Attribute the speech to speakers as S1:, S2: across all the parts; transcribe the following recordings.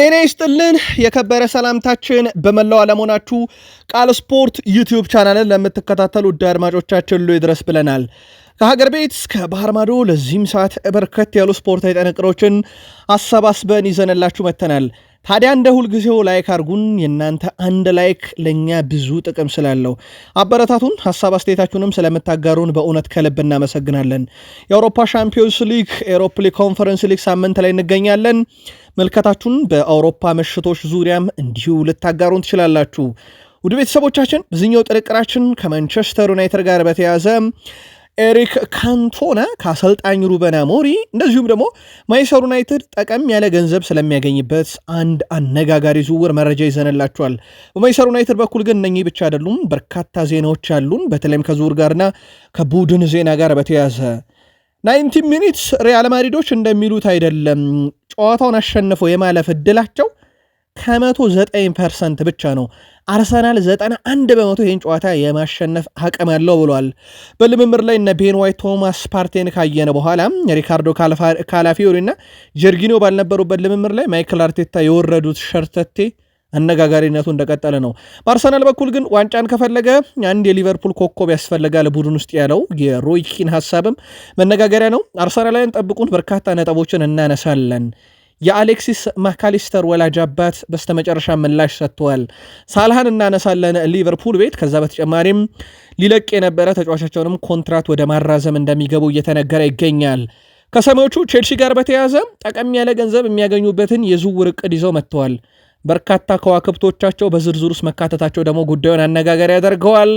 S1: ጤና ይስጥልን የከበረ ሰላምታችን በመላው አለመሆናችሁ ቃል ስፖርት ዩቲዩብ ቻናልን ለምትከታተሉ ውድ አድማጮቻችን ሉ ይድረስ ብለናል። ከሀገር ቤት እስከ ባህር ማዶ ለዚህም ሰዓት በርከት ያሉ ስፖርታዊ ጥንቅሮችን አሰባስበን ይዘንላችሁ መጥተናል። ታዲያ እንደ ሁልጊዜው ላይክ አድርጉን። የእናንተ አንድ ላይክ ለእኛ ብዙ ጥቅም ስላለው አበረታቱን። ሀሳብ አስተያየታችሁንም ስለምታጋሩን በእውነት ከልብ እናመሰግናለን። የአውሮፓ ሻምፒዮንስ ሊግ፣ ኤሮፕ ሊግ፣ ኮንፈረንስ ሊግ ሳምንት ላይ እንገኛለን። መልከታችሁን በአውሮፓ ምሽቶች ዙሪያም እንዲሁ ልታጋሩን ትችላላችሁ። ውድ ቤተሰቦቻችን በዚህኛው ጥርቅራችን ከማንቸስተር ዩናይትድ ጋር በተያዘ ኤሪክ ካንቶና ከአሰልጣኝ ሩበን አሞሪ እንደዚሁም ደግሞ ማንቸስተር ዩናይትድ ጠቀም ያለ ገንዘብ ስለሚያገኝበት አንድ አነጋጋሪ ዝውውር መረጃ ይዘንላቸዋል። በማንቸስተር ዩናይትድ በኩል ግን እነኚህ ብቻ አይደሉም፣ በርካታ ዜናዎች አሉን። በተለይም ከዝውውር ጋርና ከቡድን ዜና ጋር በተያያዘ ናይንቲ ሚኒትስ ሪያል ማድሪዶች እንደሚሉት አይደለም። ጨዋታውን አሸንፈው የማለፍ እድላቸው ከመቶ ዘጠኝ ፐርሰንት ብቻ ነው። አርሰናል ዘጠና አንድ በመቶ ይህን ጨዋታ የማሸነፍ አቅም ያለው ብሏል። በልምምር ላይ እነ ቤን ዋይት፣ ቶማስ ፓርቴን ካየነ በኋላ ሪካርዶ ካላፊዮሪ እና ጀርጊኒዮ ባልነበሩበት ልምምር ላይ ማይክል አርቴታ የወረዱት ሸርተቴ አነጋጋሪነቱ እንደቀጠለ ነው። በአርሰናል በኩል ግን ዋንጫን ከፈለገ አንድ የሊቨርፑል ኮከብ ያስፈልጋል ቡድን ውስጥ ያለው የሮይ ኪን ሀሳብም መነጋገሪያ ነው። አርሰናላውያን ጠብቁን፣ በርካታ ነጥቦችን እናነሳለን። የአሌክሲስ ማካሊስተር ወላጅ አባት በስተመጨረሻ ምላሽ ሰጥተዋል። ሳልሃን እናነሳለን ሊቨርፑል ቤት። ከዛ በተጨማሪም ሊለቅ የነበረ ተጫዋቻቸውንም ኮንትራት ወደ ማራዘም እንደሚገቡ እየተነገረ ይገኛል። ከሰሜዎቹ ቼልሲ ጋር በተያያዘ ጠቀም ያለ ገንዘብ የሚያገኙበትን የዝውውር እቅድ ይዘው መጥተዋል። በርካታ ከዋክብቶቻቸው በዝርዝር ውስጥ መካተታቸው ደግሞ ጉዳዩን አነጋገር ያደርገዋል።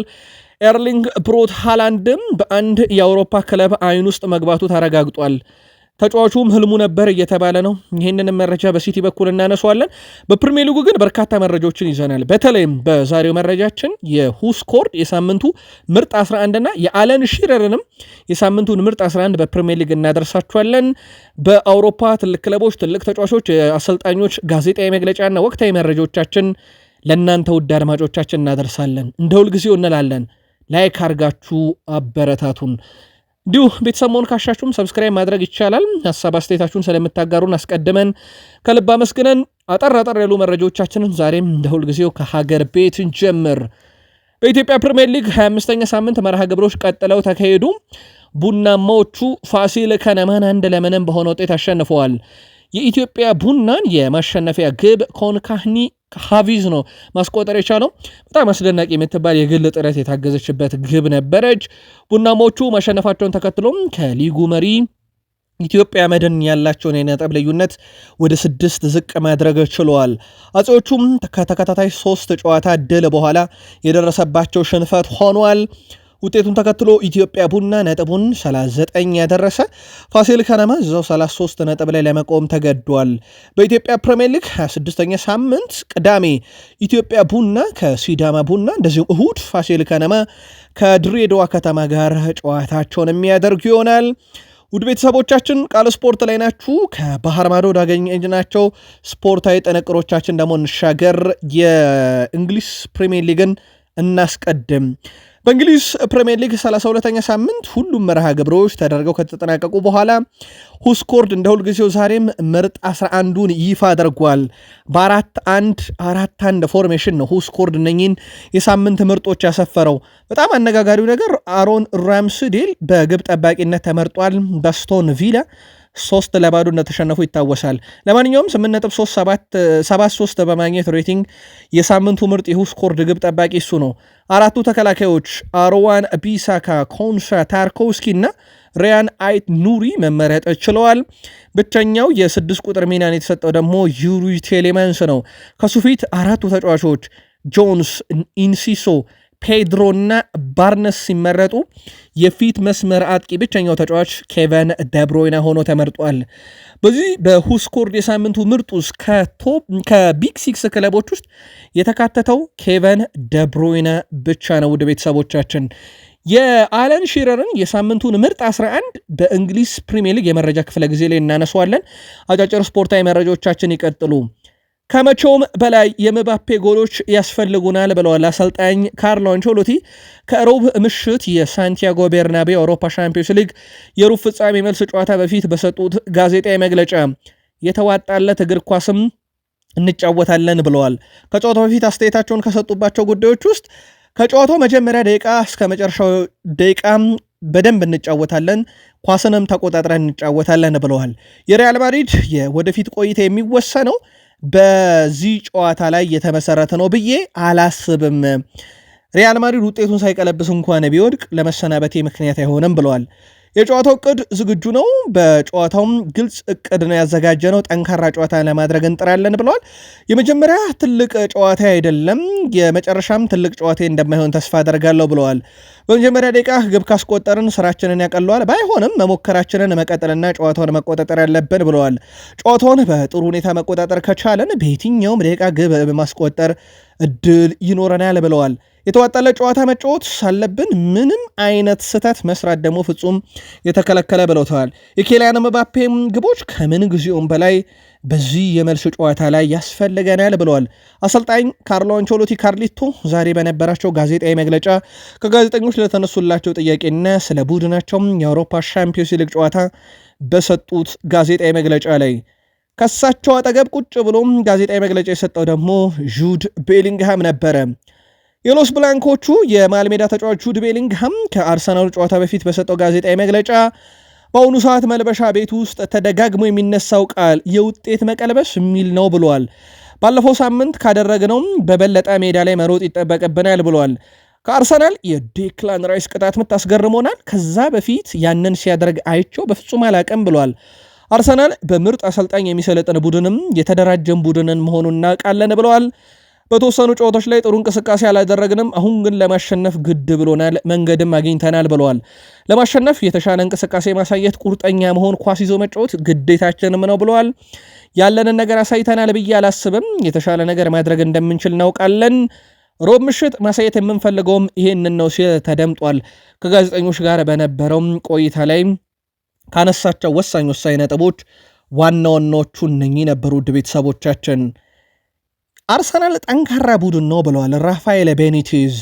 S1: ኤርሊንግ ብሮት ሃላንድም በአንድ የአውሮፓ ክለብ አይን ውስጥ መግባቱ ተረጋግጧል። ተጫዋቹም ህልሙ ነበር እየተባለ ነው። ይህንንም መረጃ በሲቲ በኩል እናነሷለን። በፕሪሚየር ሊጉ ግን በርካታ መረጃዎችን ይዘናል። በተለይም በዛሬው መረጃችን የሁስኮርድ የሳምንቱ ምርጥ 11 እና የአለን ሺረርንም የሳምንቱን ምርጥ 11 በፕሪሚየር ሊግ እናደርሳችኋለን። በአውሮፓ ትልቅ ክለቦች፣ ትልቅ ተጫዋቾች፣ አሰልጣኞች ጋዜጣዊ መግለጫና ወቅታዊ መረጃዎቻችን ለእናንተ ውድ አድማጮቻችን እናደርሳለን። እንደ ሁልጊዜው እንላለን ላይክ አርጋችሁ አበረታቱን። እንዲሁ ቤተሰብ መሆን ካሻችሁም ሰብስክራይብ ማድረግ ይቻላል። ሀሳብ አስተያየታችሁን ስለምታጋሩን አስቀድመን ከልብ አመስግነን አጠር አጠር ያሉ መረጃዎቻችንን ዛሬም እንደ ሁልጊዜው ከሀገር ቤት እንጀምር። በኢትዮጵያ ፕሪምየር ሊግ 25ኛ ሳምንት መርሃ ግብሮች ቀጥለው ተካሄዱ። ቡናማዎቹ ፋሲል ከነማን አንድ ለምንም በሆነ ውጤት አሸንፈዋል። የኢትዮጵያ ቡናን የማሸነፊያ ግብ ኮንካህኒ ሀቪዝ ነው ማስቆጠር የቻለው። በጣም አስደናቂ የምትባል የግል ጥረት የታገዘችበት ግብ ነበረች። ቡናሞቹ ማሸነፋቸውን ተከትሎም ከሊጉ መሪ ኢትዮጵያ መድን ያላቸውን የነጥብ ልዩነት ወደ ስድስት ዝቅ ማድረግ ችለዋል። አጼዎቹም ከተከታታይ ሶስት ጨዋታ ድል በኋላ የደረሰባቸው ሽንፈት ሆኗል። ውጤቱን ተከትሎ ኢትዮጵያ ቡና ነጥቡን 39 ያደረሰ፣ ፋሲል ከነማ እዛው 33 ነጥብ ላይ ለመቆም ተገዷል። በኢትዮጵያ ፕሪምየር ሊግ 26ኛ ሳምንት ቅዳሜ ኢትዮጵያ ቡና ከሲዳማ ቡና እንደዚሁም እሁድ ፋሲል ከነማ ከድሬዳዋ ከተማ ጋር ጨዋታቸውን የሚያደርጉ ይሆናል። ውድ ቤተሰቦቻችን ቃል ስፖርት ላይ ናችሁ። ከባህር ማዶ ናቸው። ስፖርታዊ ጥንቅሮቻችን ደግሞ እንሻገር። የእንግሊዝ ፕሪሚየር ሊግን እናስቀድም። በእንግሊዝ ፕሪምየር ሊግ 32ኛ ሳምንት ሁሉም መርሃ ግብሮች ተደርገው ከተጠናቀቁ በኋላ ሁስኮርድ እንደ ሁልጊዜው ዛሬም ምርጥ 11ን ይፋ አድርጓል። በአራት አንድ አራት አንድ ፎርሜሽን ነው ሁስኮርድ እነኝን የሳምንት ምርጦች ያሰፈረው። በጣም አነጋጋሪው ነገር አሮን ራምስዴል በግብ ጠባቂነት ተመርጧል። በስቶን ቪላ ሶስት ለባዶ እንደተሸነፉ ይታወሳል። ለማንኛውም 8.73 በማግኘት ሬቲንግ የሳምንቱ ምርጥ ይሁ ስኮርድ ግብ ጠባቂ እሱ ነው። አራቱ ተከላካዮች አሮዋን ቢሳካ፣ ኮንሳ ታርኮውስኪ እና ሪያን አይት ኑሪ መመረጥ ችለዋል። ብቸኛው የስድስት ቁጥር ሚናን የተሰጠው ደግሞ ዩሪ ቴሌማንስ ነው። ከሱ ፊት አራቱ ተጫዋቾች ጆንስ፣ ኢንሲሶ ፔድሮና ባርነስ ሲመረጡ የፊት መስመር አጥቂ ብቸኛው ተጫዋች ኬቨን ደብሮይና ሆኖ ተመርጧል። በዚህ በሁስኮርድ የሳምንቱ ምርጥ ውስጥ ከቢግ ሲክስ ክለቦች ውስጥ የተካተተው ኬቨን ደብሮይና ብቻ ነው። ውድ ቤተሰቦቻችን የአለን ሺረርን የሳምንቱን ምርጥ 11 በእንግሊዝ ፕሪሚየር ሊግ የመረጃ ክፍለ ጊዜ ላይ እናነሷለን። አጫጭር ስፖርታዊ መረጃዎቻችን ይቀጥሉ። ከመቼውም በላይ የምባፔ ጎሎች ያስፈልጉናል ብለዋል አሰልጣኝ ካርሎ አንቾሎቲ ከሮብ ምሽት የሳንቲያጎ ቤርናቤ የአውሮፓ ሻምፒዮንስ ሊግ የሩብ ፍጻሜ መልስ ጨዋታ በፊት በሰጡት ጋዜጣዊ መግለጫ የተዋጣለት እግር ኳስም እንጫወታለን ብለዋል። ከጨዋታው በፊት አስተያየታቸውን ከሰጡባቸው ጉዳዮች ውስጥ ከጨዋታው መጀመሪያ ደቂቃ እስከ መጨረሻው ደቂቃ በደንብ እንጫወታለን፣ ኳስንም ተቆጣጥረን እንጫወታለን ብለዋል። የሪያል ማድሪድ የወደፊት ቆይታ የሚወሰነው በዚህ ጨዋታ ላይ የተመሰረተ ነው ብዬ አላስብም። ሪያል ማድሪድ ውጤቱን ሳይቀለብስ እንኳን ቢወድቅ ለመሰናበቴ ምክንያት አይሆንም ብለዋል። የጨዋታው እቅድ ዝግጁ ነው። በጨዋታውም ግልጽ እቅድ ነው ያዘጋጀ ነው። ጠንካራ ጨዋታ ለማድረግ እንጥራለን ብለዋል። የመጀመሪያ ትልቅ ጨዋታ አይደለም፣ የመጨረሻም ትልቅ ጨዋታ እንደማይሆን ተስፋ አደርጋለሁ ብለዋል። በመጀመሪያ ደቂቃ ግብ ካስቆጠርን ስራችንን ያቀለዋል፣ ባይሆንም መሞከራችንን መቀጠልና ጨዋታውን መቆጣጠር ያለብን ብለዋል። ጨዋታውን በጥሩ ሁኔታ መቆጣጠር ከቻለን በየትኛውም ደቂቃ ግብ ማስቆጠር እድል ይኖረናል ብለዋል። የተዋጣለ ጨዋታ መጫወት ሳለብን ምንም አይነት ስህተት መስራት ደግሞ ፍጹም የተከለከለ ብለውተዋል። የኬልያን መባፔም ግቦች ከምን ጊዜውም በላይ በዚህ የመልሱ ጨዋታ ላይ ያስፈልገናል ብለዋል አሰልጣኝ ካርሎ አንቾሎቲ ካርሊቶ ዛሬ በነበራቸው ጋዜጣዊ መግለጫ ከጋዜጠኞች ለተነሱላቸው ጥያቄና ስለ ቡድናቸው የአውሮፓ ሻምፒዮንስ ሊግ ጨዋታ በሰጡት ጋዜጣዊ መግለጫ ላይ ከሳቸው አጠገብ ቁጭ ብሎም ጋዜጣዊ መግለጫ የሰጠው ደግሞ ጁድ ቤሊንግሃም ነበረ። የሎስ ብላንኮቹ የመሃል ሜዳ ተጫዋቹ ድቤሊንግሃም ከአርሰናሉ ጨዋታ በፊት በሰጠው ጋዜጣዊ መግለጫ በአሁኑ ሰዓት መልበሻ ቤት ውስጥ ተደጋግሞ የሚነሳው ቃል የውጤት መቀልበስ የሚል ነው ብሏል። ባለፈው ሳምንት ካደረግነውም በበለጠ ሜዳ ላይ መሮጥ ይጠበቅብናል ብሏል። ከአርሰናል የዴክላን ራይስ ቅጣት ምት አስገርሞናል። ከዛ በፊት ያንን ሲያደርግ አይቸው በፍጹም አላቅም ብሏል። አርሰናል በምርጥ አሰልጣኝ የሚሰለጥን ቡድንም የተደራጀን ቡድንን መሆኑን እናውቃለን ብለዋል። በተወሰኑ ጨዋታዎች ላይ ጥሩ እንቅስቃሴ አላደረግንም። አሁን ግን ለማሸነፍ ግድ ብሎናል፣ መንገድም አግኝተናል ብለዋል። ለማሸነፍ የተሻለ እንቅስቃሴ ማሳየት፣ ቁርጠኛ መሆን፣ ኳስ ይዞ መጫወት ግዴታችንም ነው ብለዋል። ያለንን ነገር አሳይተናል ብዬ አላስብም። የተሻለ ነገር ማድረግ እንደምንችል እናውቃለን። ሮብ ምሽት ማሳየት የምንፈልገውም ይህንን ነው ሲል ተደምጧል። ከጋዜጠኞች ጋር በነበረው ቆይታ ላይ ካነሳቸው ወሳኝ ወሳኝ ነጥቦች ዋና ዋናዎቹ እነኚህ ነበሩ። ውድ ቤተሰቦቻችን አርሰናል ጠንካራ ቡድን ነው ብለዋል ራፋኤል ቤኒቴዝ።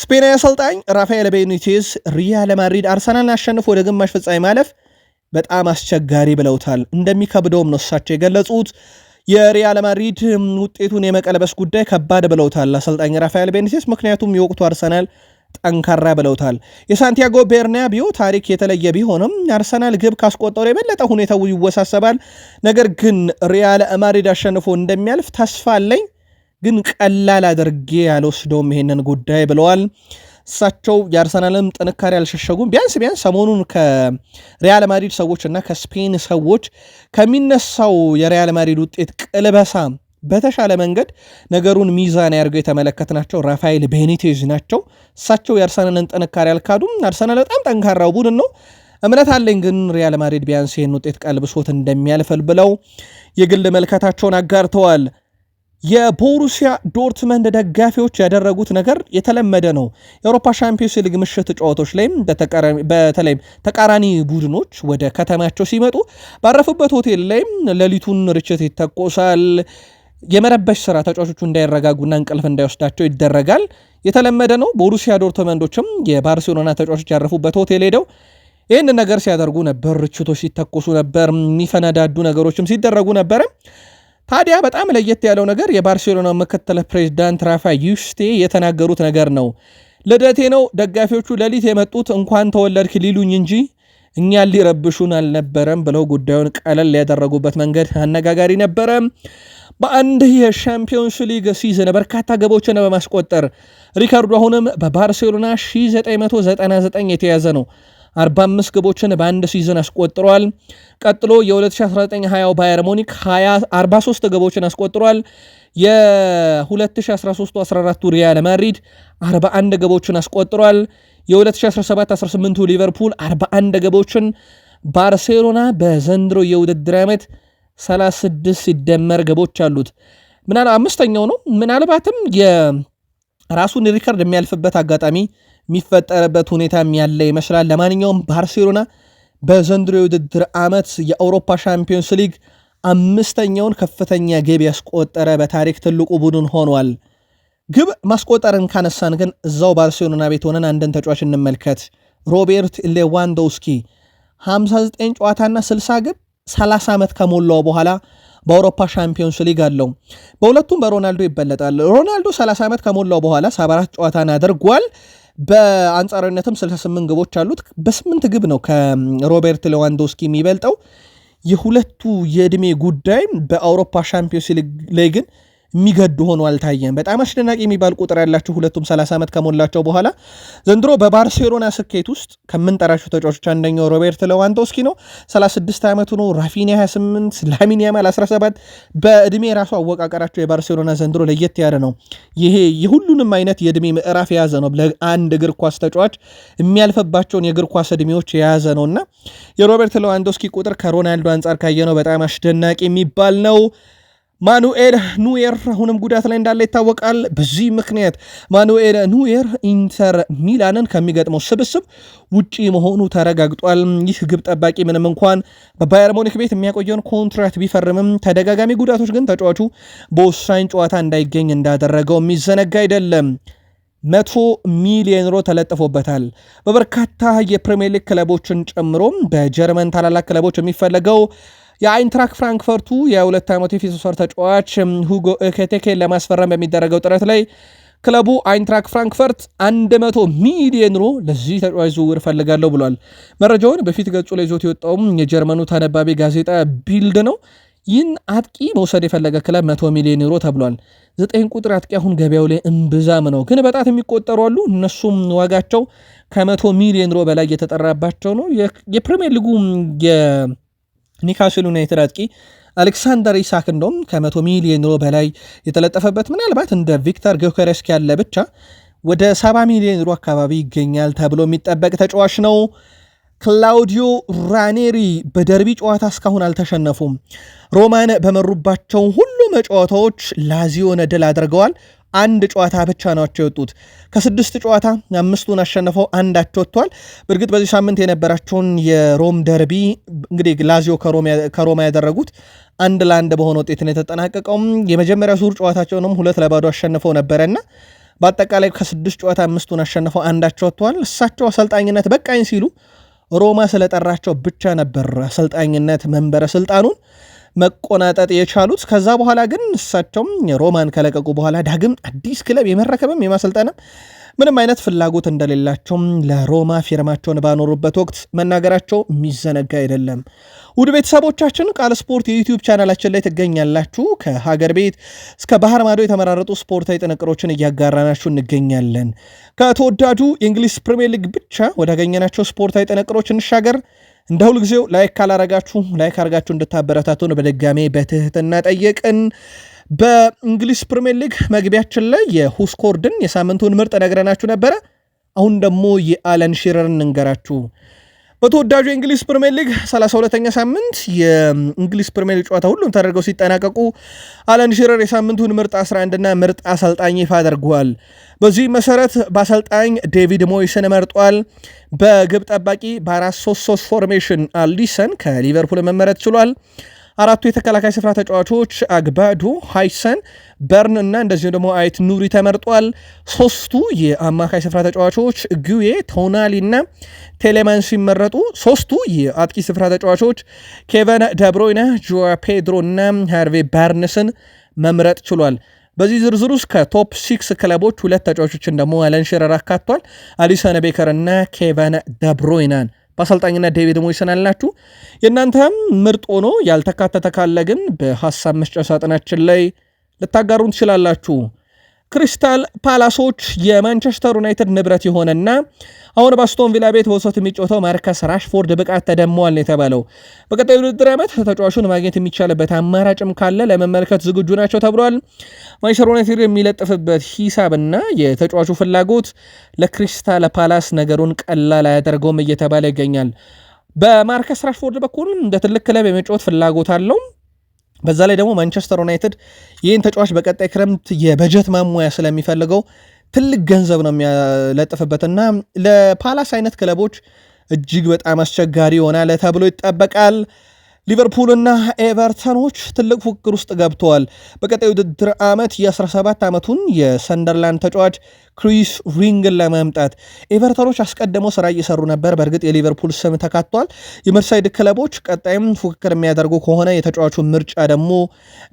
S1: ስፔናዊ አሰልጣኝ ራፋኤል ቤኒቲዝ ሪያል ማድሪድ አርሰናልን አሸንፎ ወደ ግማሽ ፍጻሜ ማለፍ በጣም አስቸጋሪ ብለውታል። እንደሚከብደውም ነው እሳቸው የገለጹት። የሪያል ማድሪድ ውጤቱን የመቀለበስ ጉዳይ ከባድ ብለውታል አሰልጣኝ ራፋኤል ቤኒቲስ፣ ምክንያቱም የወቅቱ አርሰናል ጠንካራ ብለውታል። የሳንቲያጎ ቤርናቢዮ ታሪክ የተለየ ቢሆንም አርሰናል ግብ ካስቆጠሩ የበለጠ ሁኔታው ይወሳሰባል። ነገር ግን ሪያል ማድሪድ አሸንፎ እንደሚያልፍ ተስፋ አለኝ ግን ቀላል አድርጌ ያልወስደውም ይሄንን ጉዳይ ብለዋል። እሳቸው የአርሰናልም ጥንካሬ አልሸሸጉም። ቢያንስ ቢያንስ ሰሞኑን ከሪያል ማድሪድ ሰዎች እና ከስፔን ሰዎች ከሚነሳው የሪያል ማድሪድ ውጤት ቅልበሳ በተሻለ መንገድ ነገሩን ሚዛን ያድርገው የተመለከትናቸው ራፋኤል ቤኒቴዝ ናቸው። እሳቸው የአርሰናልን ጥንካሬ አልካዱም። አርሰናል በጣም ጠንካራው ቡድን ነው። እምነት አለኝ ግን ሪያል ማድሪድ ቢያንስ ይህን ውጤት ቀልብሶት እንደሚያልፈል ብለው የግል መልከታቸውን አጋርተዋል። የቦሩሲያ ዶርትመንድ ደጋፊዎች ያደረጉት ነገር የተለመደ ነው። የአውሮፓ ሻምፒዮንስ ሊግ ምሽት ጨዋታዎች ላይም በተለይም ተቃራኒ ቡድኖች ወደ ከተማቸው ሲመጡ ባረፉበት ሆቴል ላይም ሌሊቱን ርችት ይተኮሳል። የመረበሽ ስራ ተጫዋቾቹ እንዳይረጋጉና እንቅልፍ እንዳይወስዳቸው ይደረጋል። የተለመደ ነው። ቦሩሲያ ዶርትመንዶችም የባርሴሎና ተጫዋቾች ያረፉበት ሆቴል ሄደው ይህን ነገር ሲያደርጉ ነበር። ርችቶች ሲተኮሱ ነበር። የሚፈነዳዱ ነገሮችም ሲደረጉ ነበረ። ታዲያ በጣም ለየት ያለው ነገር የባርሴሎና ምክትል ፕሬዚዳንት ራፋ ዩስቴ የተናገሩት ነገር ነው። ልደቴ ነው፣ ደጋፊዎቹ ሌሊት የመጡት እንኳን ተወለድክ ሊሉኝ እንጂ እኛን ሊረብሹን አልነበረም ብለው ጉዳዩን ቀለል ያደረጉበት መንገድ አነጋጋሪ ነበረ። በአንድ የሻምፒዮንስ ሊግ ሲዝን በርካታ ግቦችን በማስቆጠር ሪካርዶ አሁንም በባርሴሎና 1999 የተያዘ ነው። 45 ግቦችን በአንድ ሲዝን አስቆጥሯል። ቀጥሎ የ2019/20 ባየር ሙኒክ 43 ግቦችን አስቆጥሯል። የ2013/14 ሪያል ማድሪድ 41 ግቦችን አስቆጥሯል። የ2017/18 ሊቨርፑል 41 ግቦችን ባርሴሎና በዘንድሮ የውድድር ዓመት 36 ሲደመር ግቦች አሉት። ምናልባት አምስተኛው ነው ምናልባትም ራሱን ሪከርድ የሚያልፍበት አጋጣሚ የሚፈጠርበት ሁኔታ ያለ ይመስላል። ለማንኛውም ባርሴሎና በዘንድሮ የውድድር ዓመት የአውሮፓ ሻምፒዮንስ ሊግ አምስተኛውን ከፍተኛ ግብ ያስቆጠረ በታሪክ ትልቁ ቡድን ሆኗል። ግብ ማስቆጠርን ካነሳን ግን እዛው ባርሴሎና ቤት ሆነን አንድን ተጫዋች እንመልከት። ሮቤርት ሌዋንዶውስኪ 59 ጨዋታና 60 ግብ 30 ዓመት ከሞላው በኋላ በአውሮፓ ሻምፒዮንስ ሊግ አለው። በሁለቱም በሮናልዶ ይበለጣል። ሮናልዶ 30 ዓመት ከሞላው በኋላ 74 ጨዋታን አድርጓል። በአንጻራዊነትም 68 ግቦች አሉት። በስምንት ግብ ነው ከሮቤርት ሌዋንዶስኪ የሚበልጠው። የሁለቱ የዕድሜ ጉዳይ በአውሮፓ ሻምፒዮንስ ሊግ ላይ ግን የሚገዱ ሆኖ አልታየም። በጣም አስደናቂ የሚባል ቁጥር ያላቸው ሁለቱም 30 ዓመት ከሞላቸው በኋላ ዘንድሮ በባርሴሎና ስኬት ውስጥ ከምንጠራቸው ተጫዋቾች አንደኛው ሮቤርት ሌዋንዶውስኪ ነው። 36 ዓመቱ ነው። ራፊኒ 28፣ ላሚን ያማል 17። በእድሜ ራሱ አወቃቀራቸው የባርሴሎና ዘንድሮ ለየት ያለ ነው። ይሄ የሁሉንም አይነት የእድሜ ምዕራፍ የያዘ ነው። ለአንድ እግር ኳስ ተጫዋች የሚያልፈባቸውን የእግር ኳስ እድሜዎች የያዘ ነው እና የሮቤርት ሌዋንዶውስኪ ቁጥር ከሮናልዶ አንጻር ካየነው በጣም አስደናቂ የሚባል ነው። ማኑኤል ኑየር አሁንም ጉዳት ላይ እንዳለ ይታወቃል። በዚህ ምክንያት ማኑኤል ኑየር ኢንተር ሚላንን ከሚገጥመው ስብስብ ውጪ መሆኑ ተረጋግጧል። ይህ ግብ ጠባቂ ምንም እንኳን በባየር ሞኒክ ቤት የሚያቆየውን ኮንትራት ቢፈርምም ተደጋጋሚ ጉዳቶች ግን ተጫዋቹ በወሳኝ ጨዋታ እንዳይገኝ እንዳደረገው የሚዘነጋ አይደለም። መቶ ሚሊዮን ሮ ተለጥፎበታል። በበርካታ የፕሪሚየር ሊግ ክለቦችን ጨምሮ በጀርመን ታላላቅ ክለቦች የሚፈለገው የአይንትራክ ፍራንክፈርቱ የሁለት ዓመቱ የፊሶሰር ተጫዋች ሁጎ ኤኪቲኬን ለማስፈረም በሚደረገው ጥረት ላይ ክለቡ አይንትራክ ፍራንክፈርት 100 ሚሊዮን ዩሮ ለዚህ ተጫዋች ዝውውር እፈልጋለሁ ብሏል። መረጃውን በፊት ገጹ ላይ ይዞት የወጣውም የጀርመኑ ተነባቢ ጋዜጣ ቢልድ ነው። ይህን አጥቂ መውሰድ የፈለገ ክለብ 100 ሚሊዮን ዩሮ ተብሏል። ዘጠኝ ቁጥር አጥቂ አሁን ገበያው ላይ እምብዛም ነው፣ ግን በጣት የሚቆጠሩ አሉ። እነሱም ዋጋቸው ከ100 ሚሊዮን ዩሮ በላይ የተጠራባቸው ነው። የፕሪሚየር ሊጉ ኒካስል ዩናይትድ አጥቂ አሌክሳንደር ኢሳክ እንደውም ከመቶ ሚሊዮን ዩሮ በላይ የተለጠፈበት ምናልባት እንደ ቪክተር ጊዮከረስክ ያለ ብቻ ወደ 70 ሚሊዮን ዩሮ አካባቢ ይገኛል ተብሎ የሚጠበቅ ተጫዋች ነው። ክላውዲዮ ራኔሪ በደርቢ ጨዋታ እስካሁን አልተሸነፉም። ሮማን በመሩባቸው ሁሉም ጨዋታዎች ላዚዮን ድል አድርገዋል። አንድ ጨዋታ ብቻ ናቸው የወጡት። ከስድስት ጨዋታ አምስቱን አሸንፈው አንዳቸው ወጥቷል። በእርግጥ በዚህ ሳምንት የነበራቸውን የሮም ደርቢ እንግዲህ ላዚዮ ከሮማ ያደረጉት አንድ ለአንድ በሆነ ውጤት ነው የተጠናቀቀውም። የመጀመሪያ ዙር ጨዋታቸውንም ሁለት ለባዶ አሸንፈው ነበረና በአጠቃላይ ከስድስት ጨዋታ አምስቱን አሸንፈው አንዳቸው ወጥተዋል። እሳቸው አሰልጣኝነት በቃኝ ሲሉ ሮማ ስለጠራቸው ብቻ ነበር አሰልጣኝነት መንበረ ስልጣኑን መቆናጠጥ የቻሉት። ከዛ በኋላ ግን እሳቸውም ሮማን ከለቀቁ በኋላ ዳግም አዲስ ክለብ የመረከብም የማሰልጠንም ምንም አይነት ፍላጎት እንደሌላቸውም ለሮማ ፊርማቸውን ባኖሩበት ወቅት መናገራቸው የሚዘነጋ አይደለም። ውድ ቤተሰቦቻችን ቃል ስፖርት የዩቲዩብ ቻናላችን ላይ ትገኛላችሁ። ከሀገር ቤት እስከ ባህር ማዶ የተመራረጡ ስፖርታዊ ጥንቅሮችን እያጋራናችሁ እንገኛለን። ከተወዳጁ የእንግሊዝ ፕሪምየር ሊግ ብቻ ወዳገኘናቸው ስፖርታዊ ጥንቅሮች እንሻገር። እንደ ጊዜው ላይክ ካላረጋችሁ ላይክ አርጋችሁ እንድታበረታቱን በድጋሜ በትህትና ጠየቅን። በእንግሊዝ ፕሪምየር ሊግ መግቢያችን ላይ የሁስኮርድን የሳምንቱን ምርጥ ነግረናችሁ ነበረ። አሁን ደግሞ የአለን ሺረርን እንገራችሁ። በተወዳጁ የእንግሊዝ ፕሪምየር ሊግ 32ኛ ሳምንት የእንግሊዝ ፕሪምየር ሊግ ጨዋታ ሁሉም ተደርገው ሲጠናቀቁ አለን ሽረር የሳምንቱን ምርጥ 11ና ምርጥ አሰልጣኝ ይፋ አድርጓል። በዚህ መሰረት በአሰልጣኝ ዴቪድ ሞይስን መርጧል። በግብ ጠባቂ በ433 ፎርሜሽን አሊሰን ከሊቨርፑል መመረት ችሏል። አራቱ የተከላካይ ስፍራ ተጫዋቾች አግባዱ፣ ሃይሰን፣ በርን እና እንደዚሁ ደግሞ አይት ኑሪ ተመርጧል። ሶስቱ የአማካይ ስፍራ ተጫዋቾች ጊዌ፣ ቶናሊ እና ቴሌማን ሲመረጡ ሶስቱ የአጥቂ ስፍራ ተጫዋቾች ኬቨን ደብሮይነ፣ ጆዋ ፔድሮ እና ሃርቬ ባርንስን መምረጥ ችሏል። በዚህ ዝርዝር ውስጥ ከቶፕ ሲክስ ክለቦች ሁለት ተጫዋቾችን ደግሞ አለን ሽረር አካቷል። አሊሰን ቤከር እና ኬቨን ደብሮይናን በአሰልጣኝነት ዴቪድ ሞይስን አልናችሁ። የእናንተም ምርጥ ሆኖ ያልተካተተ ካለ ግን በሀሳብ መስጫ ሳጥናችን ላይ ልታጋሩን ትችላላችሁ። ክሪስታል ፓላሶች የማንቸስተር ዩናይትድ ንብረት የሆነና አሁን በአስቶን ቪላ ቤት በውሰት የሚጫወተው ማርከስ ራሽፎርድ ብቃት ተደመዋል ነው የተባለው። በቀጣዩ ውድድር ዓመት ተጫዋቹን ማግኘት የሚቻልበት አማራጭም ካለ ለመመልከት ዝግጁ ናቸው ተብሏል። ማንቸስተር ዩናይትድ የሚለጥፍበት ሂሳብና የተጫዋቹ ፍላጎት ለክሪስታል ፓላስ ነገሩን ቀላል አያደርገውም እየተባለ ይገኛል። በማርከስ ራሽፎርድ በኩል እንደ ትልቅ ክለብ የመጫወት ፍላጎት አለው። በዛ ላይ ደግሞ ማንቸስተር ዩናይትድ ይህን ተጫዋች በቀጣይ ክረምት የበጀት ማሟያ ስለሚፈልገው ትልቅ ገንዘብ ነው የሚያለጥፍበትና ለፓላስ አይነት ክለቦች እጅግ በጣም አስቸጋሪ ይሆናል ተብሎ ይጠበቃል። ሊቨርፑልና ኤቨርተኖች ትልቅ ፉክክር ውስጥ ገብተዋል። በቀጣይ ውድድር ዓመት የ17 ዓመቱን የሰንደርላንድ ተጫዋች ክሪስ ሪንግን ለመምጣት ኤቨርተኖች አስቀድመው ስራ እየሰሩ ነበር። በእርግጥ የሊቨርፑል ስም ተካቷል። የመርሳይድ ክለቦች ቀጣይም ፉክክር የሚያደርጉ ከሆነ የተጫዋቹ ምርጫ ደግሞ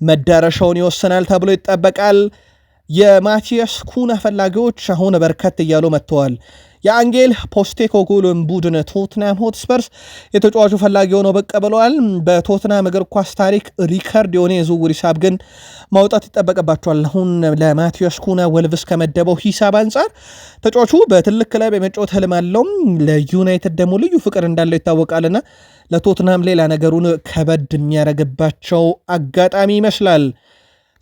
S1: መዳረሻውን ይወስናል ተብሎ ይጠበቃል። የማቲያስ ኩና ፈላጊዎች አሁን በርከት እያሉ መጥተዋል። የአንጌል ፖስቴኮግሉን ቡድን ቶትናም ሆትስፐርስ የተጫዋቹ ፈላጊ ሆነው ብቅ ብለዋል። በቶትናም እግር ኳስ ታሪክ ሪከርድ የሆነ የዝውውር ሂሳብ ግን ማውጣት ይጠበቅባቸዋል። አሁን ለማቲያስ ኩና ወልቭስ ከመደበው ሂሳብ አንጻር ተጫዋቹ በትልቅ ክለብ የመጫወት ህልም አለው። ለዩናይትድ ደግሞ ልዩ ፍቅር እንዳለው ይታወቃልና ለቶትናም ሌላ ነገሩን ከበድ የሚያደርግባቸው አጋጣሚ ይመስላል።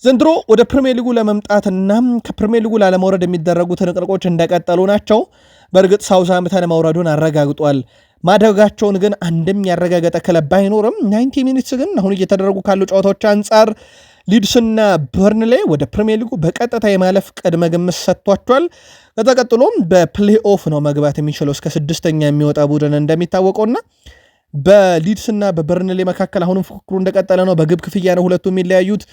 S1: ዘንድሮ ወደ ፕሪሚየር ሊጉ ለመምጣትና ከፕሪሚየር ሊጉ ላለመውረድ የሚደረጉ ትንቅንቆች እንደቀጠሉ ናቸው። በእርግጥ ሳውዛምተን መውረዱን አረጋግጧል። ማደጋቸውን ግን አንድም ያረጋገጠ ክለብ ባይኖርም ናይንቲ ሚኒትስ ግን አሁን እየተደረጉ ካሉ ጨዋታዎች አንጻር ሊድስና በርንሌ ወደ ፕሪሚየር ሊጉ በቀጥታ የማለፍ ቅድመ ግምት ሰጥቷቸዋል። ከዛ ቀጥሎም ነው መግባት የሚችለው እስከ ስድስተኛ የሚወጣ ቡድን እንደሚታወቀውና በሊድስ እና በበርንሌ መካከል አሁንም ፉክክሩ እንደቀጠለ ነው። በግብ ክፍያ ነው ሁለቱ የሚለያዩት።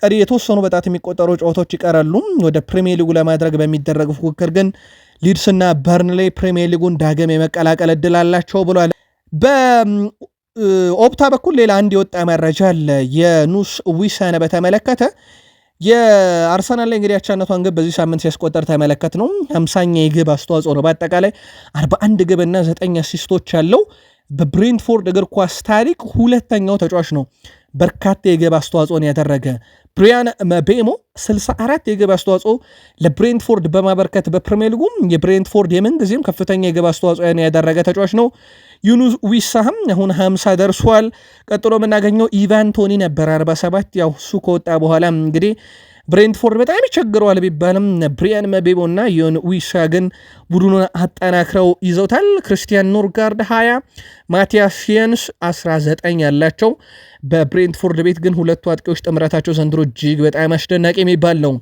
S1: ቀሪ የተወሰኑ በጣት የሚቆጠሩ ጨዋታዎች ይቀራሉ። ወደ ፕሪሚየር ሊጉ ለማድረግ በሚደረግ ፉክክር ግን ሊድስ እና በርንሌ ፕሪሚየር ሊጉን ዳግም የመቀላቀል እድል አላቸው ብሏል። በኦፕታ በኩል ሌላ አንድ የወጣ መረጃ አለ። የኑስ ዊሳነ በተመለከተ የአርሰናል ላይ እንግዲህ አቻነቷን ግብ በዚህ ሳምንት ሲያስቆጠር ተመለከት ነው። ሀምሳኛ የግብ አስተዋጽኦ ነው። በአጠቃላይ 41 ግብ እና ዘጠኝ አሲስቶች አለው። በብሬንትፎርድ እግር ኳስ ታሪክ ሁለተኛው ተጫዋች ነው በርካታ የግብ አስተዋጽኦን ያደረገ። ብሪያን መቤሞ 64 የግብ አስተዋጽኦ ለብሬንትፎርድ በማበርከት በፕሪሚየር ሊጉም የብሬንትፎርድ የምንጊዜም ከፍተኛ የግብ አስተዋጽኦ ያደረገ ተጫዋች ነው። ዩኑስ ዊሳህም አሁን 50 ደርሷል። ቀጥሎ የምናገኘው ኢቫን ቶኒ ነበር 47 ያው እሱ ከወጣ በኋላ እንግዲህ ብሬንትፎርድ በጣም ይቸግረዋል ቢባልም ብሪያን መቤቦ እና ዮን ዊሻ ግን ቡድኑ አጠናክረው ይዘውታል። ክርስቲያን ኖርጋርድ 20 ማቲያስ የንስ 19 ያላቸው በብሬንትፎርድ ቤት ግን ሁለቱ አጥቂዎች ጥምረታቸው ዘንድሮ እጅግ በጣም አስደናቂ የሚባል ነው።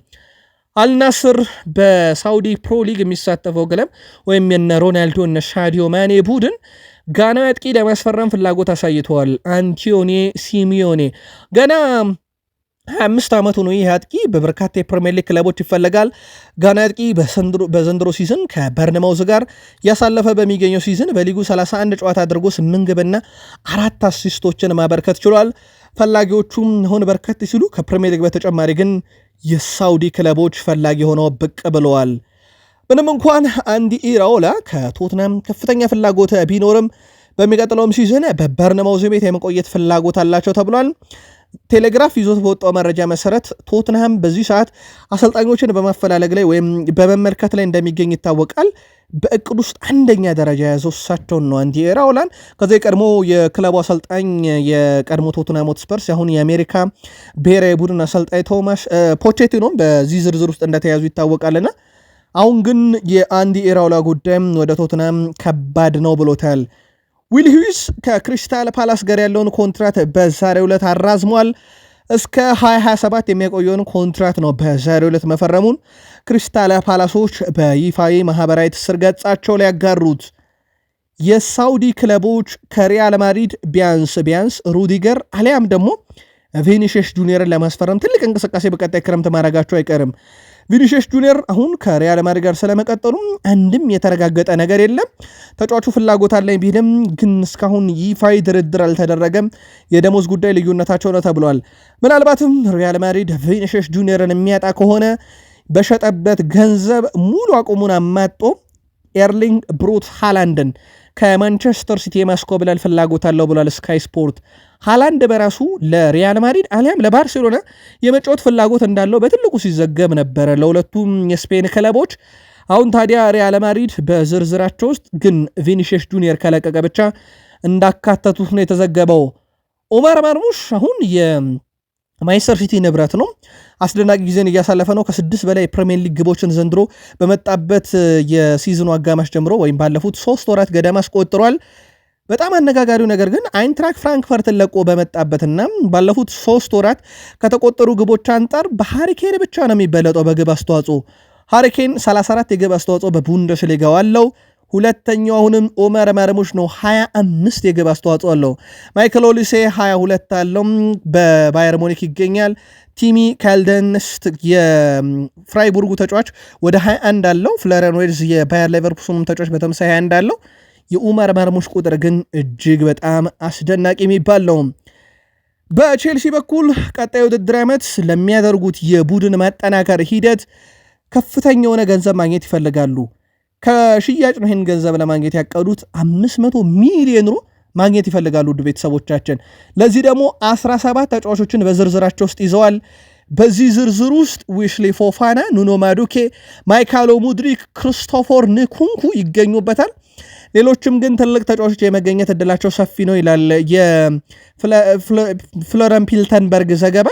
S1: አልናስር በሳውዲ ፕሮ ሊግ የሚሳተፈው ክለብ ወይም የነ ሮናልዶ እነ ሻዲዮ ማኔ ቡድን ጋናዊ አጥቂ ለማስፈረም ፍላጎት አሳይተዋል። አንቲዮኔ ሲሚዮኔ ገና 25 ዓመቱ ነው። ይህ አጥቂ በበርካታ የፕሪምየር ሊግ ክለቦች ይፈለጋል። ጋና አጥቂ በዘንድሮ ሲዝን ከበርንማውዝ ጋር ያሳለፈ በሚገኘው ሲዝን በሊጉ 31 ጨዋታ አድርጎ 8 ግብና አራት አሲስቶችን ማበርከት ችሏል። ፈላጊዎቹም ሆን በርከት ሲሉ ከፕሪምየር ሊግ በተጨማሪ ግን የሳውዲ ክለቦች ፈላጊ ሆነው ብቅ ብለዋል። ምንም እንኳን አንዲ ኢራኦላ ከቶትናም ከፍተኛ ፍላጎት ቢኖርም በሚቀጥለውም ሲዝን በበርንማውዝ ቤት የመቆየት ፍላጎት አላቸው ተብሏል። ቴሌግራፍ ይዞት በወጣው መረጃ መሰረት ቶትንሃም በዚህ ሰዓት አሰልጣኞችን በማፈላለግ ላይ ወይም በመመልከት ላይ እንደሚገኝ ይታወቃል። በእቅድ ውስጥ አንደኛ ደረጃ የያዘው እሳቸውን ነው። አንዲ ራውላን ከዚ የቀድሞ የክለቡ አሰልጣኝ የቀድሞ ቶትንሃም ሆትስፐርስ አሁን የአሜሪካ ብሔራዊ ቡድን አሰልጣኝ ቶማስ ፖቼቲኖም በዚህ ዝርዝር ውስጥ እንደተያዙ ይታወቃልና አሁን ግን የአንዲ ኤራውላ ጉዳይም ወደ ቶትናም ከባድ ነው ብሎታል ዊል ከክሪስታል ፓላስ ጋር ያለውን ኮንትራት በዛሬው ዕለት አራዝሟል። እስከ 2027 የሚያቆየውን ኮንትራት ነው በዛሬው ዕለት መፈረሙን ክሪስታል ፓላሶች በይፋዊ ማህበራዊ ትስስር ገጻቸው ላይ ያጋሩት። የሳውዲ ክለቦች ከሪያል ማድሪድ ቢያንስ ቢያንስ ሩዲገር አሊያም ደግሞ ቬኒሽስ ጁኒየርን ለማስፈረም ትልቅ እንቅስቃሴ በቀጣይ ክረምት ማድረጋቸው አይቀርም። ቪኒሽስ ጁኒየር አሁን ከሪያል ማድሪድ ጋር ስለመቀጠሉ አንድም የተረጋገጠ ነገር የለም። ተጫዋቹ ፍላጎት አለኝ ቢልም ግን እስካሁን ይፋይ ድርድር አልተደረገም። የደሞዝ ጉዳይ ልዩነታቸው ነው ተብሏል። ምናልባትም ሪያል ማድሪድ ቪኒሽስ ጁኒየርን የሚያጣ ከሆነ በሸጠበት ገንዘብ ሙሉ አቁሙን አማጦ ኤርሊንግ ብሩት ሃላንድን ከማንቸስተር ሲቲ የማስኮብላል ፍላጎት አለው ብሏል ስካይ ስፖርት። ሃላንድ በራሱ ለሪያል ማድሪድ አሊያም ለባርሴሎና የመጫወት ፍላጎት እንዳለው በትልቁ ሲዘገብ ነበረ ለሁለቱም የስፔን ክለቦች። አሁን ታዲያ ሪያል ማድሪድ በዝርዝራቸው ውስጥ ግን ቪኒሽስ ጁኒየር ከለቀቀ ብቻ እንዳካተቱት ነው የተዘገበው። ኦማር ማርሙሽ አሁን የማንቸስተር ሲቲ ንብረት ነው። አስደናቂ ጊዜን እያሳለፈ ነው። ከስድስት በላይ የፕሪሚየር ሊግ ግቦችን ዘንድሮ በመጣበት የሲዝኑ አጋማሽ ጀምሮ ወይም ባለፉት ሶስት ወራት ገደማ አስቆጥሯል። በጣም አነጋጋሪው ነገር ግን አይንትራክ ፍራንክፈርትን ለቆ በመጣበትና ባለፉት ሶስት ወራት ከተቆጠሩ ግቦች አንጻር በሃሪኬን ብቻ ነው የሚበለጠው በግብ አስተዋጽኦ። ሃሪኬን 34 የግብ አስተዋጽኦ በቡንደስሊጋው አለው። ሁለተኛው አሁንም ኦመር መርሙሽ ነው 25 የግብ አስተዋጽኦ አለው። ማይክል ኦሊሴ 22 አለው፣ በባየር ሙኒክ ይገኛል። ቲሚ ካልደንስት የፍራይቡርጉ ተጫዋች ወደ 21 አለው። ፍለረን ዌልዝ የባየር ሌቨርኩሰኑም ተጫዋች በተመሳይ 21 አለው። የኡመር መርሙሽ ቁጥር ግን እጅግ በጣም አስደናቂ የሚባል ነው። በቼልሲ በኩል ቀጣይ ውድድር ዓመት ለሚያደርጉት የቡድን ማጠናከር ሂደት ከፍተኛ የሆነ ገንዘብ ማግኘት ይፈልጋሉ። ከሽያጭ ነው ይህን ገንዘብ ለማግኘት ያቀዱት 500 ሚሊዮን ሮ ማግኘት ይፈልጋሉ። ውድ ቤተሰቦቻችን ለዚህ ደግሞ 17 ተጫዋቾችን በዝርዝራቸው ውስጥ ይዘዋል። በዚህ ዝርዝር ውስጥ ዊሽሊ ፎፋና፣ ኑኖ ማዱኬ፣ ማይካሎ ሙድሪክ፣ ክርስቶፎር ንኩንኩ ይገኙበታል። ሌሎችም ግን ትልቅ ተጫዋቾች የመገኘት እድላቸው ሰፊ ነው ይላል የፍሎረን ፒልተንበርግ ዘገባ።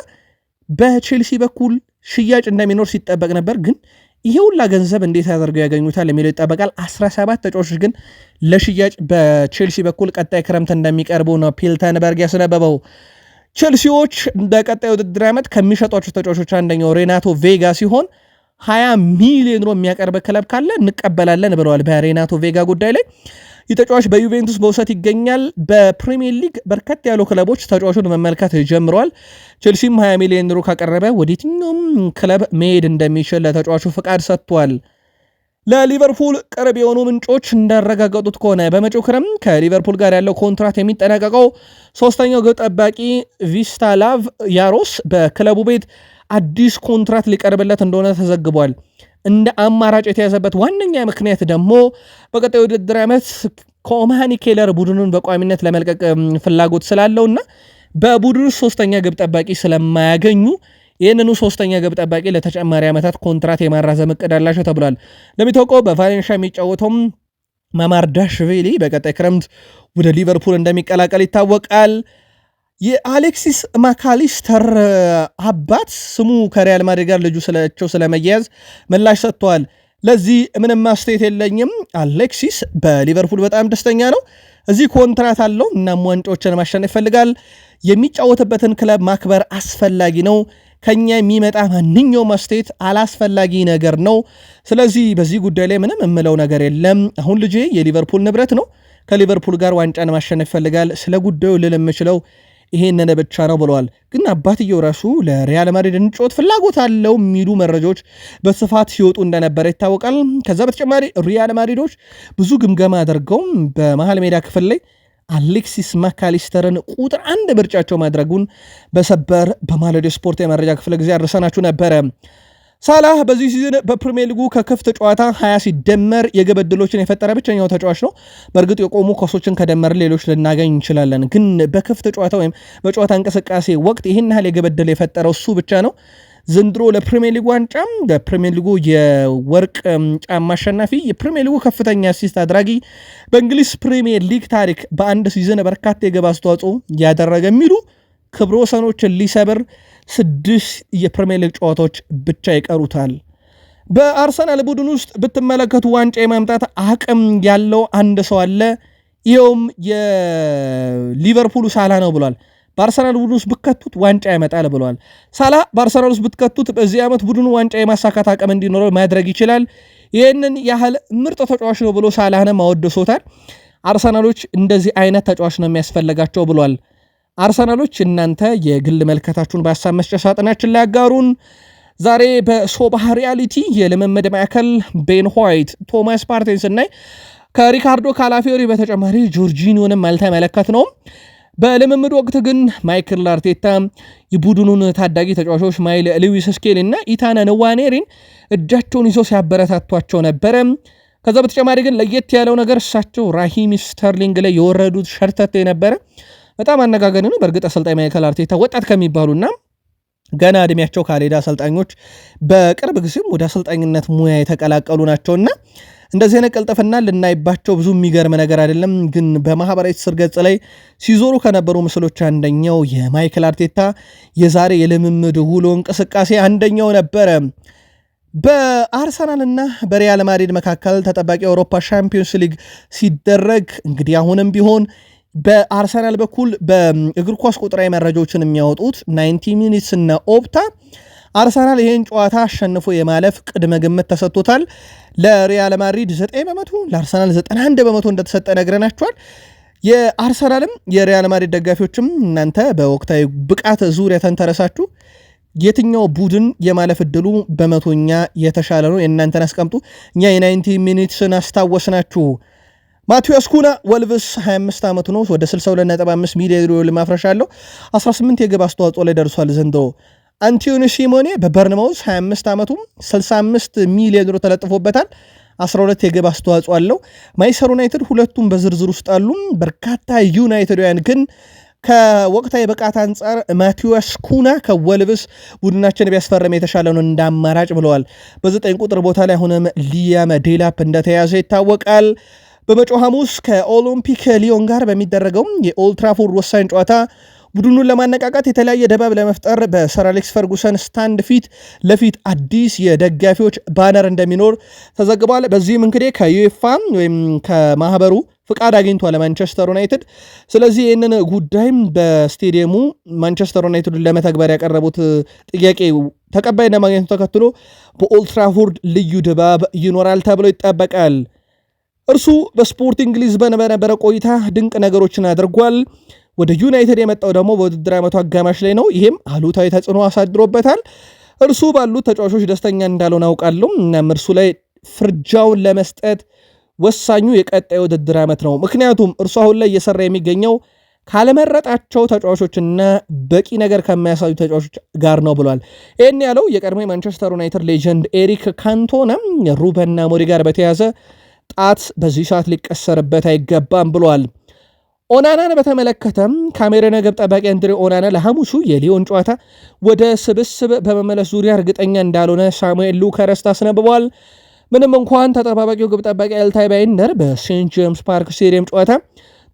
S1: በቼልሲ በኩል ሽያጭ እንደሚኖር ሲጠበቅ ነበር ግን ይሄ ሁላ ገንዘብ እንዴት አድርገው ያገኙታል የሚለው ይጠበቃል። 17 ተጫዋቾች ግን ለሽያጭ በቼልሲ በኩል ቀጣይ ክረምት እንደሚቀርቡ ነው ፒልተንበርግ ያስነበበው። ቼልሲዎች በቀጣይ ውድድር ዓመት ከሚሸጧቸው ተጫዋቾች አንደኛው ሬናቶ ቬጋ ሲሆን 20 ሚሊዮን ሮ የሚያቀርብ ክለብ ካለ እንቀበላለን ብለዋል። በሬናቶ ቬጋ ጉዳይ ላይ የተጫዋች በዩቬንቱስ በውሰት ይገኛል። በፕሪሚየር ሊግ በርከት ያሉ ክለቦች ተጫዋቹን መመልከት ጀምረዋል። ቼልሲም 20 ሚሊዮን ሮ ካቀረበ ወደየትኛውም ክለብ መሄድ እንደሚችል ለተጫዋቹ ፍቃድ ሰጥቷል። ለሊቨርፑል ቅርብ የሆኑ ምንጮች እንዳረጋገጡት ከሆነ በመጪው ክረም ከሊቨርፑል ጋር ያለው ኮንትራት የሚጠናቀቀው ሶስተኛው ግብ ጠባቂ ቪስታላቭ ያሮስ በክለቡ ቤት አዲስ ኮንትራት ሊቀርብለት እንደሆነ ተዘግቧል። እንደ አማራጭ የተያዘበት ዋነኛ ምክንያት ደግሞ በቀጣይ ውድድር ዓመት ከኦማኒ ኬለር ቡድኑን በቋሚነት ለመልቀቅ ፍላጎት ስላለውና በቡድኑ ሶስተኛ ግብ ጠባቂ ስለማያገኙ ይህንኑ ሶስተኛ ግብ ጠባቂ ለተጨማሪ ዓመታት ኮንትራት የማራዘም እቅድ አላቸው ተብሏል። እንደሚታወቀው በቫሌንሻ የሚጫወተውም ማማርዳሽቪሊ በቀጣይ ክረምት ወደ ሊቨርፑል እንደሚቀላቀል ይታወቃል። የአሌክሲስ ማካሊስተር አባት ስሙ ከሪያል ማድሪድ ጋር ልጁ ስለቸው ስለመያያዝ ምላሽ ሰጥተዋል። ለዚህ ምንም ማስተያየት የለኝም። አሌክሲስ በሊቨርፑል በጣም ደስተኛ ነው። እዚህ ኮንትራት አለው፣ እናም ዋንጫዎችን ማሸነፍ ይፈልጋል። የሚጫወትበትን ክለብ ማክበር አስፈላጊ ነው። ከኛ የሚመጣ ማንኛውም አስተያየት አላስፈላጊ ነገር ነው። ስለዚህ በዚህ ጉዳይ ላይ ምንም የምለው ነገር የለም። አሁን ልጄ የሊቨርፑል ንብረት ነው። ከሊቨርፑል ጋር ዋንጫን ማሸነፍ ይፈልጋል። ስለ ጉዳዩ ልል የምችለው ይሄንን ብቻ ነው ብለዋል። ግን አባትየው ራሱ ለሪያል ማድሪድ እንጮት ፍላጎት አለው የሚሉ መረጃዎች በስፋት ሲወጡ እንደነበረ ይታወቃል። ከዛ በተጨማሪ ሪያል ማድሪዶች ብዙ ግምገማ አድርገውም በመሀል ሜዳ ክፍል ላይ አሌክሲስ ማካሊስተርን ቁጥር አንድ ምርጫቸው ማድረጉን በሰበር በማለዶ ስፖርት የመረጃ ክፍለ ጊዜ አድርሰናችሁ ነበረ። ሳላህ በዚህ ሲዝን በፕሪሚየር ሊጉ ከክፍት ጨዋታ 20 ሲደመር የግብ ዕድሎችን የፈጠረ ብቸኛው ተጫዋች ነው። በእርግጥ የቆሙ ኳሶችን ከደመር ሌሎች ልናገኝ እንችላለን፣ ግን በክፍት ጨዋታ ወይም በጨዋታ እንቅስቃሴ ወቅት ይህን ያህል የግብ ዕድል የፈጠረው እሱ ብቻ ነው። ዘንድሮ ለፕሪሚየር ሊጉ ዋንጫም ለፕሪሚየር ሊጉ የወርቅ ጫማ አሸናፊ፣ የፕሪሚየር ሊጉ ከፍተኛ አሲስት አድራጊ፣ በእንግሊዝ ፕሪሚየር ሊግ ታሪክ በአንድ ሲዝን በርካታ የግብ አስተዋጽኦ ያደረገ የሚሉ ክብረ ወሰኖችን ሊሰብር ስድስት የፕሪምየር ሊግ ጨዋታዎች ብቻ ይቀሩታል። በአርሰናል ቡድን ውስጥ ብትመለከቱ ዋንጫ የማምጣት አቅም ያለው አንድ ሰው አለ። ይኸውም የሊቨርፑሉ ሳላ ነው ብሏል። በአርሰናል ቡድን ውስጥ ብትከቱት ዋንጫ ያመጣል ብሏል። ሳላ በአርሰናል ውስጥ ብትከቱት በዚህ ዓመት ቡድኑ ዋንጫ የማሳካት አቅም እንዲኖረው ማድረግ ይችላል። ይህንን ያህል ምርጥ ተጫዋች ነው ብሎ ሳላህነ ማወደሶታል። አርሰናሎች እንደዚህ አይነት ተጫዋች ነው የሚያስፈልጋቸው ብሏል። አርሰናሎች እናንተ የግል መልከታችሁን በሀሳብ መስጫ ሳጥናችን ላይ አጋሩን። ዛሬ በሶባህ ሪያሊቲ የልምምድ ማዕከል ቤን ሆይት፣ ቶማስ ፓርቴን ስናይ ከሪካርዶ ካላፊዮሪ በተጨማሪ ጆርጂኒዮንም አልተመለከት ነው። በልምምድ ወቅት ግን ማይክል አርቴታ የቡድኑን ታዳጊ ተጫዋቾች ማይል ሉዊስ ስኬሊ እና ኢታነ ንዋኔሪን እጃቸውን ይዞ ሲያበረታቷቸው ነበረ። ከዛ በተጨማሪ ግን ለየት ያለው ነገር እሳቸው ራሂም ስተርሊንግ ላይ የወረዱት ሸርተቴ ነበረ። በጣም አነጋጋሪ ነው። በእርግጥ አሰልጣኝ ማይከል አርቴታ ወጣት ከሚባሉና ገና እድሜያቸው ካሌዳ አሰልጣኞች በቅርብ ጊዜም ወደ አሰልጣኝነት ሙያ የተቀላቀሉ ናቸውና እንደዚህ አይነት ቀልጥፍና ልናይባቸው ብዙ የሚገርም ነገር አይደለም። ግን በማህበራዊ ትስስር ገጽ ላይ ሲዞሩ ከነበሩ ምስሎች አንደኛው የማይክል አርቴታ የዛሬ የልምምድ ውሎ እንቅስቃሴ አንደኛው ነበረ። በአርሰናልና በሪያል ማድሪድ መካከል ተጠባቂ የአውሮፓ ሻምፒዮንስ ሊግ ሲደረግ እንግዲህ አሁንም ቢሆን በአርሰናል በኩል በእግር ኳስ ቁጥራዊ መረጃዎችን የሚያወጡት ናይንቲ ሚኒትስ እና ኦፕታ አርሰናል ይህን ጨዋታ አሸንፎ የማለፍ ቅድመ ግምት ተሰጥቶታል። ለሪያል ማድሪድ 9 በመቶ ለአርሰናል 91 በመቶ እንደተሰጠ ነግረናቸዋል። የአርሰናልም የሪያል ማድሪድ ደጋፊዎችም እናንተ በወቅታዊ ብቃት ዙሪያ ተንተረሳችሁ የትኛው ቡድን የማለፍ እድሉ በመቶኛ የተሻለ ነው? የእናንተን አስቀምጡ። እኛ የ90 ሚኒትስን አስታወስናችሁ። ማቴዎስ ኩና ወልቭስ 25 ዓመቱ ነው። ወደ 625 ሚሊዮን ዩሮ ማፍረሻ አለው። 18 የግብ አስተዋጽኦ ላይ ደርሷል ዘንድሮ። አንቲዮኒ ሲሞኔ በበርንማውዝ 25 ዓመቱ 65 ሚሊዮን ዩሮ ተለጥፎበታል። 12 የግብ አስተዋጽኦ አለው። ማይሰር ዩናይትድ ሁለቱም በዝርዝር ውስጥ አሉ። በርካታ ዩናይትዳውያን ግን ከወቅታዊ ብቃት አንጻር ማቴዎስ ኩና ከወልብስ ቡድናችን ቢያስፈረም የተሻለ ነው እንደ አማራጭ ብለዋል። በዘጠኝ ቁጥር ቦታ ላይ አሁንም ሊያም ዴላፕ እንደተያዘ ይታወቃል። በመጪው ሐሙስ ከኦሎምፒክ ሊዮን ጋር በሚደረገው የኦልትራፎርድ ወሳኝ ጨዋታ ቡድኑን ለማነቃቃት የተለያየ ድባብ ለመፍጠር በሰር አሌክስ ፈርጉሰን ስታንድ ፊት ለፊት አዲስ የደጋፊዎች ባነር እንደሚኖር ተዘግቧል። በዚህም እንግዲህ ከዩኤፋ ወይም ከማህበሩ ፍቃድ አግኝቷል ማንቸስተር ዩናይትድ። ስለዚህ ይህንን ጉዳይም በስቴዲየሙ ማንቸስተር ዩናይትድን ለመተግበር ያቀረቡት ጥያቄ ተቀባይነት ለማግኘቱ ተከትሎ በኦልትራፎርድ ልዩ ድባብ ይኖራል ተብሎ ይጠበቃል። እርሱ በስፖርቲንግ ሊዝበን በነበረ ቆይታ ድንቅ ነገሮችን አድርጓል። ወደ ዩናይትድ የመጣው ደግሞ በውድድር ዓመቱ አጋማሽ ላይ ነው። ይህም አሉታዊ ተጽዕኖ አሳድሮበታል። እርሱ ባሉት ተጫዋቾች ደስተኛ እንዳልሆነ አውቃለሁ። እናም እርሱ ላይ ፍርጃውን ለመስጠት ወሳኙ የቀጣይ ውድድር ዓመት ነው። ምክንያቱም እርሱ አሁን ላይ እየሰራ የሚገኘው ካለመረጣቸው ተጫዋቾችና በቂ ነገር ከማያሳዩ ተጫዋቾች ጋር ነው ብሏል። ይህን ያለው የቀድሞ የማንቸስተር ዩናይትድ ሌጀንድ ኤሪክ ካንቶናም ሩበን አሞሪም ጋር በተያያዘ ጣት በዚህ ሰዓት ሊቀሰርበት አይገባም ብሏል። ኦናናን በተመለከተም ካሜሮን ግብ ጠባቂ አንድሬ ኦናና ለሐሙሱ የሊዮን ጨዋታ ወደ ስብስብ በመመለስ ዙሪያ እርግጠኛ እንዳልሆነ ሳሙኤል ሉከረስት አስነብቧል። ምንም እንኳን ተጠባባቂው ግብ ጠባቂ ኤልታይ ባይነር በሴንት ጄምስ ፓርክ ስቴዲየም ጨዋታ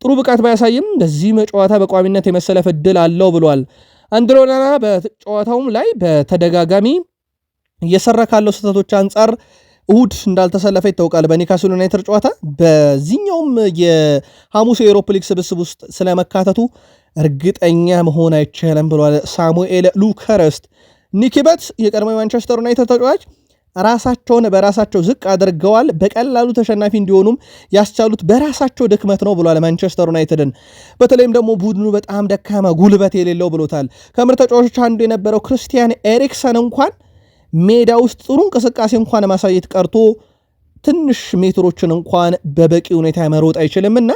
S1: ጥሩ ብቃት ባያሳይም በዚህ ጨዋታ በቋሚነት የመሰለፍ እድል አለው ብሏል። አንድሬ ኦናና በጨዋታውም ላይ በተደጋጋሚ እየሰራ ካለው ስህተቶች አንጻር እሁድ እንዳልተሰለፈ ይታወቃል በኒካስል ዩናይትድ ጨዋታ። በዚህኛውም የሐሙስ የኤሮፕ ሊግ ስብስብ ውስጥ ስለመካተቱ እርግጠኛ መሆን አይቻልም ብሏል ሳሙኤል ሉከረስት። ኒኪበት የቀድሞ የማንቸስተር ዩናይትድ ተጫዋች ራሳቸውን በራሳቸው ዝቅ አድርገዋል፣ በቀላሉ ተሸናፊ እንዲሆኑም ያስቻሉት በራሳቸው ድክመት ነው ብሏል ማንቸስተር ዩናይትድን። በተለይም ደግሞ ቡድኑ በጣም ደካማ ጉልበት የሌለው ብሎታል። ከምር ተጫዋቾች አንዱ የነበረው ክርስቲያን ኤሪክሰን እንኳን ሜዳ ውስጥ ጥሩ እንቅስቃሴ እንኳን ማሳየት ቀርቶ ትንሽ ሜትሮችን እንኳን በበቂ ሁኔታ መሮጥ አይችልምና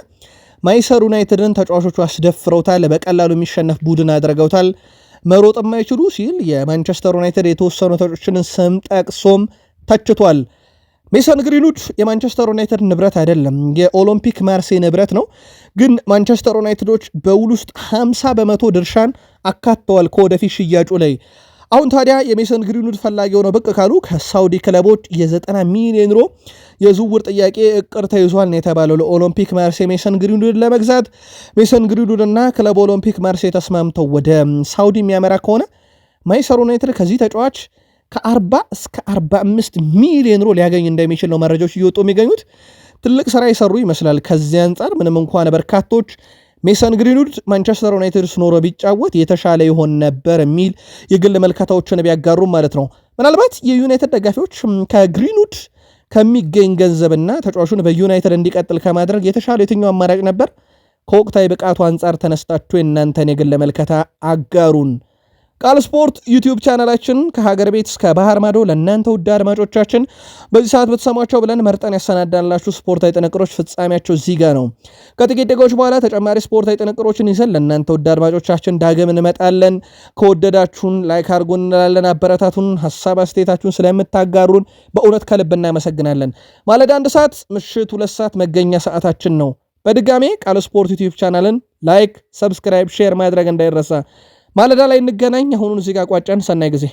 S1: ማይሰር ዩናይትድን ተጫዋቾቹ አስደፍረውታል። በቀላሉ የሚሸነፍ ቡድን አድርገውታል። መሮጥ የማይችሉ ሲል የማንቸስተር ዩናይትድ የተወሰኑ ተጫዋቾችን ስም ጠቅሶም ተችቷል። ሜሰን ግሪኑድ የማንቸስተር ዩናይትድ ንብረት አይደለም፣ የኦሎምፒክ ማርሴይ ንብረት ነው። ግን ማንቸስተር ዩናይትዶች በውል ውስጥ 50 በመቶ ድርሻን አካተዋል ከወደፊት ሽያጩ ላይ አሁን ታዲያ የሜሰን ግሪንውድ ፈላጊ ሆነው ብቅ ካሉ ከሳውዲ ክለቦች የ90 ሚሊዮን ዩሮ የዝውውር ጥያቄ እቅር ተይዟል ነው የተባለው። ለኦሎምፒክ ማርሴ ሜሰን ግሪንውድ ለመግዛት ሜሰን ግሪንውድ እና ክለብ ኦሎምፒክ ማርሴ ተስማምተው ወደ ሳውዲ የሚያመራ ከሆነ ማይሰር ዩናይትድ ከዚህ ተጫዋች ከ40 እስከ 45 ሚሊዮን ዩሮ ሊያገኝ እንደሚችል ነው መረጃዎች እየወጡ የሚገኙት። ትልቅ ስራ የሰሩ ይመስላል። ከዚህ አንጻር ምንም እንኳን በርካቶች ሜሰን ግሪንውድ ማንቸስተር ዩናይትድ ስኖረ ቢጫወት የተሻለ ይሆን ነበር የሚል የግል መልከታዎችን ቢያጋሩም ማለት ነው። ምናልባት የዩናይትድ ደጋፊዎች ከግሪንውድ ከሚገኝ ገንዘብና ተጫዋቹን በዩናይትድ እንዲቀጥል ከማድረግ የተሻለ የትኛው አማራጭ ነበር? ከወቅታዊ ብቃቱ አንጻር ተነስታችሁ የእናንተን የግል መልከታ አጋሩን። ቃል ስፖርት ዩቲዩብ ቻናላችን ከሀገር ቤት እስከ ባህር ማዶ ለእናንተ ውድ አድማጮቻችን በዚህ ሰዓት በተሰማቸው ብለን መርጠን ያሰናዳላችሁ ስፖርታዊ ጥንቅሮች ፍጻሜያቸው እዚህ ጋ ነው። ከጥቂት ደቂቃዎች በኋላ ተጨማሪ ስፖርታዊ ጥንቅሮችን ይዘን ለእናንተ ውድ አድማጮቻችን ዳግም እንመጣለን። ከወደዳችሁን ላይክ አድርጎ እንላለን። አበረታቱን። ሀሳብ አስተያየታችሁን ስለምታጋሩን በእውነት ከልብ እናመሰግናለን። ማለዳ አንድ ሰዓት፣ ምሽት ሁለት ሰዓት መገኛ ሰዓታችን ነው። በድጋሜ ቃል ስፖርት ዩቲዩብ ቻናልን ላይክ፣ ሰብስክራይብ፣ ሼር ማድረግ እንዳይረሳ ማለዳ ላይ እንገናኝ። አሁኑን እዚህ ጋር ቋጫን። ሰናይ ጊዜ